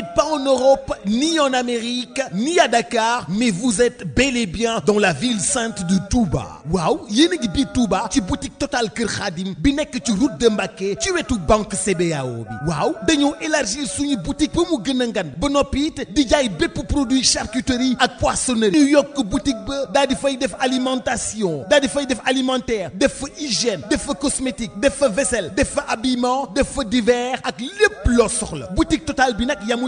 n'êtes pas en Europe, ni en Amérique, ni à Dakar, mais vous êtes bel et bien dans la ville sainte de Touba. waaw yéen a ngi biir Touba ci boutique Total Kër Khadim bi nekk ci route de Mbacké ci wetu banque CBAO bi waaw dañoo élargir suñu boutique ba mu gën a ngan ba noppi it di jaay bépp produit charcuterie ak poissonnerie ñu yokk boutique ba daal di fay def alimentation daal di fay def alimentaire def fa hygiène def fa cosmétique def fa vaisselle def fa habillement def fa divers ak lépp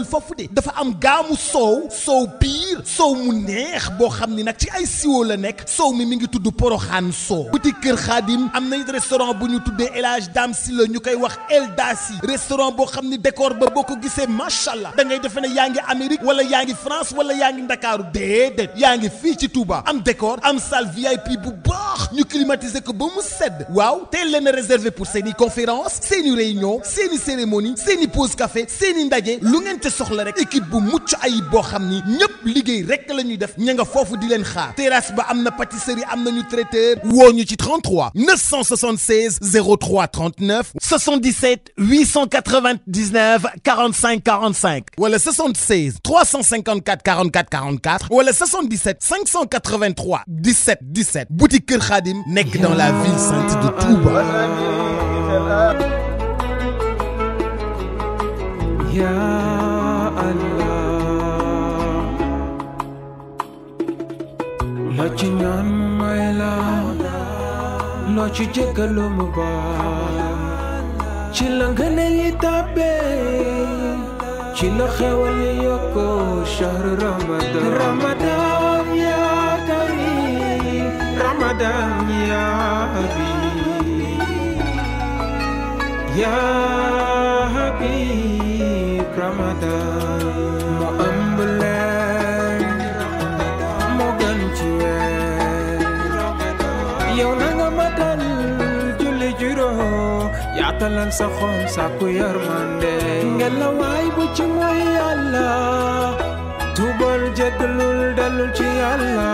yemul foofu dafa am gaamu soow soow piir soow mu neex boo xam ni nag ci ay siwo la nekk soow mi mi ngi tudd poroxaan soow boutique Kër Xaadim am nañ restaurant bu ñu tuddee El Hadj Dame si la ñu koy wax El Dasi restaurant boo xam ni décor ba boo ko gisee macha allah da ngay defe ne yaa ngi Amérique wala yaa ngi France wala yaa ngi Ndakaaru déedéet yaa ngi fii ci tuubaa am décor am salle VIP bu baax. ñu climatiser ko ba mu sedd waaw teel leen a réservé pour seen i conférence seen i réunion seen cérémonie seen i pause café seen i ndaje lu ngeen te soxla rek équipe bu mucc ayib boo xam ni ñëpp liggéey rek la ñuy def ña nga foofu di leen xaar terrasse ba am na pâtisserie am na nañu traiteur woo ñu ci 33 976 03 39 77 899 45 45 wala 76 354 44 44 wala 77 583 17 17 boutique Kër Xaar Khadim nekk dans la ville sainte de Touba. loo ci ñaan mu may la loo ci jéggalu mu baal ci la ngëne yi tàbbee ci la xewal yi yokkoo shahru Ramadan Ramadan غدا يا حبيب يا حبيب رمضان mu ëmb leen mu gën ci weer yow na nga matal julli juróom yaatalal sa xol sàkku yërmande ngelawaay bu ci mooy yàlla tubal jégalul dellu ci yàlla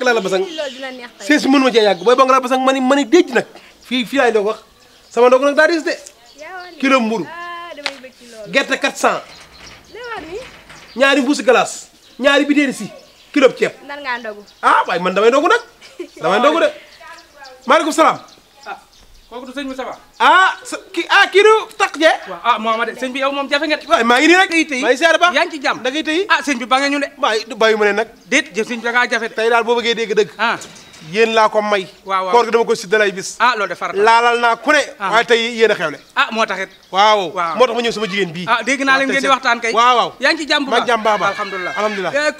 takk laa la basang seesi mën ma cee yàgg booy bong laa basang mani mani déj nag fii fii laay doog wax sama ndoog nag daa diis de kilo mburu ah, gerte 400 ñaari mbuusi galaas ñaari bitéeri si kilo ceeb ah waaye man damay dogu nag damay dogu de maaleykum salaam kooku du sëñ Moustapha ah ki ah kii du taq jee waaw ah mooma bi yow moom jafe nga de waaw maa ngi rek maa ngi seere ba yaa ngi ci jàmm da ngay tey ah sëñ bi ba nga ñu de waaw bàyyi ma nag déet jëf bi da ngaa jafe de tey daal boo bëggee dégg ah. laa ko may waaw waaw koor gi dama ko siddalay bis ah laalal naa ku ne ah. waaye tey yéen a xewle ah moo taxit waaw waaw moo tax ma ñëw sama jigéen bi ah dégg naa leen ngeen di waxtaan kay waaw waaw yaa ngi ci jàmm ba jàmm baa alhamdulilah alhamdulilah eh,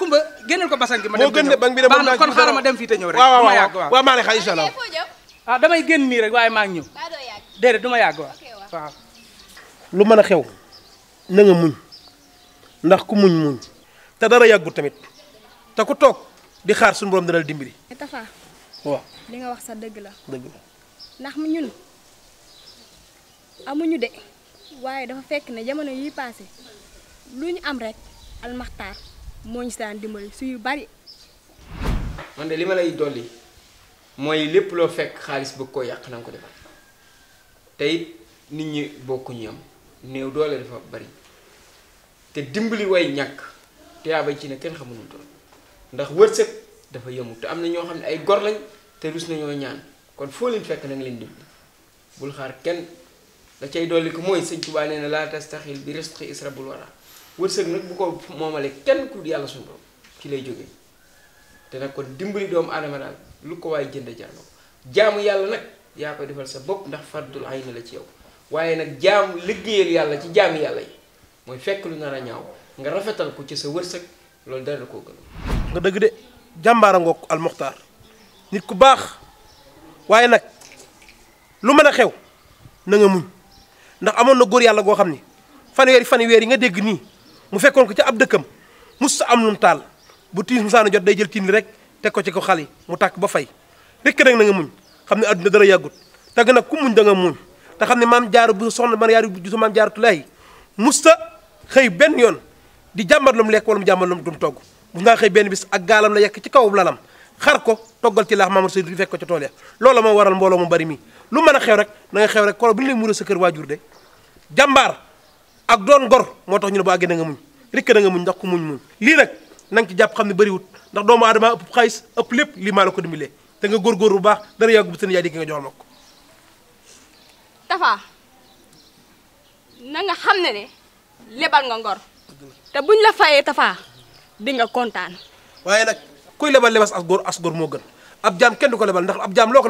ko basan ma dem fii te ñëw ah damay génn nii rek waaye maa ngi ñëw déedéet du ma yàgg waa lu mën a xew na nga muñ ndax ku muñ muñ te dara yàggu tamit te ku toog di xaar suñu borom dana dimbali. li nga wax sa dëgg la. dëgg la ndax ñun amuñu de waaye dafa fekk ne jamono yi paase lu ñu am rek almaxtaar moo ñu su yu bari. man li ma lay dolli. mooy lépp loo fekk xaalis bëgg ko yàq na ko defal tey nit ñi bokkuñu yam néew doole dafa bari te dimbali way ñàkk te yaabay ci ne kenn xamuñu toll ndax wërsëg dafa yëmu te am na ñoo xam ne ay gor lañ te rus nañoo ñaan kon foo leen fekk na leen dimbali bul xaar kenn la cay dolli ko mooy sëñ Tuubaa nee na laa tastaxil bi risqi isra bul wara wërsëg nag bu ko moomale kenn ku yàlla suñu borom ci lay jóge te nag ko dimbali doomu aadama daal lu ko waaye jënd jar na ko jaamu yàlla nag yaa ko defal sa bopp ndax fardul ayni la ci yow waaye nag jaamu liggéeyal yàlla ci jaami yàlla mooy fekk lu nar ñaaw nga rafetal ko ci sa wërsëg loolu dara koo gën nga jàmbaara ngoog almuxtaar nit ku baax waaye nag lu mën a xew na nga ndax amoon na góor yàlla goo xam ni fanweeri fanweeri yi nga dégg nii mu fekkoon ko ci ab dëkkam am lu taal bu tiis musaana jot day jël cin li rek teg ko ci ko xal yi mu tàkk ba fay rek nag na nga muñ xam ne adduna dara yàggut te nag ku muñ danga nga muñ te xam ne maam jaaru bu soxna man yaaru bu su maam jaaru tulaayi musta xëy benn yoon di jàmbat lu mu lekk wala mu jàmbat bu ngaa xëy benn bis ak gaalam yekk ci kaw lalam xar ko toggal ci laax maamar sëy di fekk ko tool ya loola moo waral mbooloo mu bari mi lu mën a xew rek na nga xew rek koro bu ñu lay muuree sa kër waajur de jàmbaar ak doon gor moo tax ñu ne bu àggee na nga muñ rikk na nga muñ ndax ku muñ muñ lii nag nanga nga jàpp xam ne bëriwut ndax doomu aadama ëpp xaalis ëpp lépp lii ko dimbalee te nga góorgóor bu baax dara bu seen yaay di nga joxal ma xam ne ne lebal nga ngor te buñ la fayee Tafa di nga kontaan waaye nag kuy lebal lebas as góor as góor moo gën ab jaam kenn ko lebal ndax ab jaam loo ko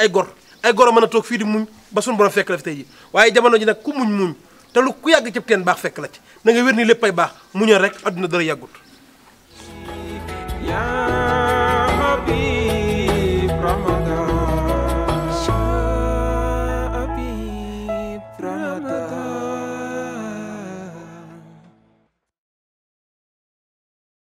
ay gor ay goro mën a toog fii di muñ ba suñu borom fekk la fi tey ji waaye jamono ji nag ku muñ muñ te ku yàgg cëb teen baax fekk la ci na nga wér ni lépp ay baax muñoon rek adduna dara yàggut bien.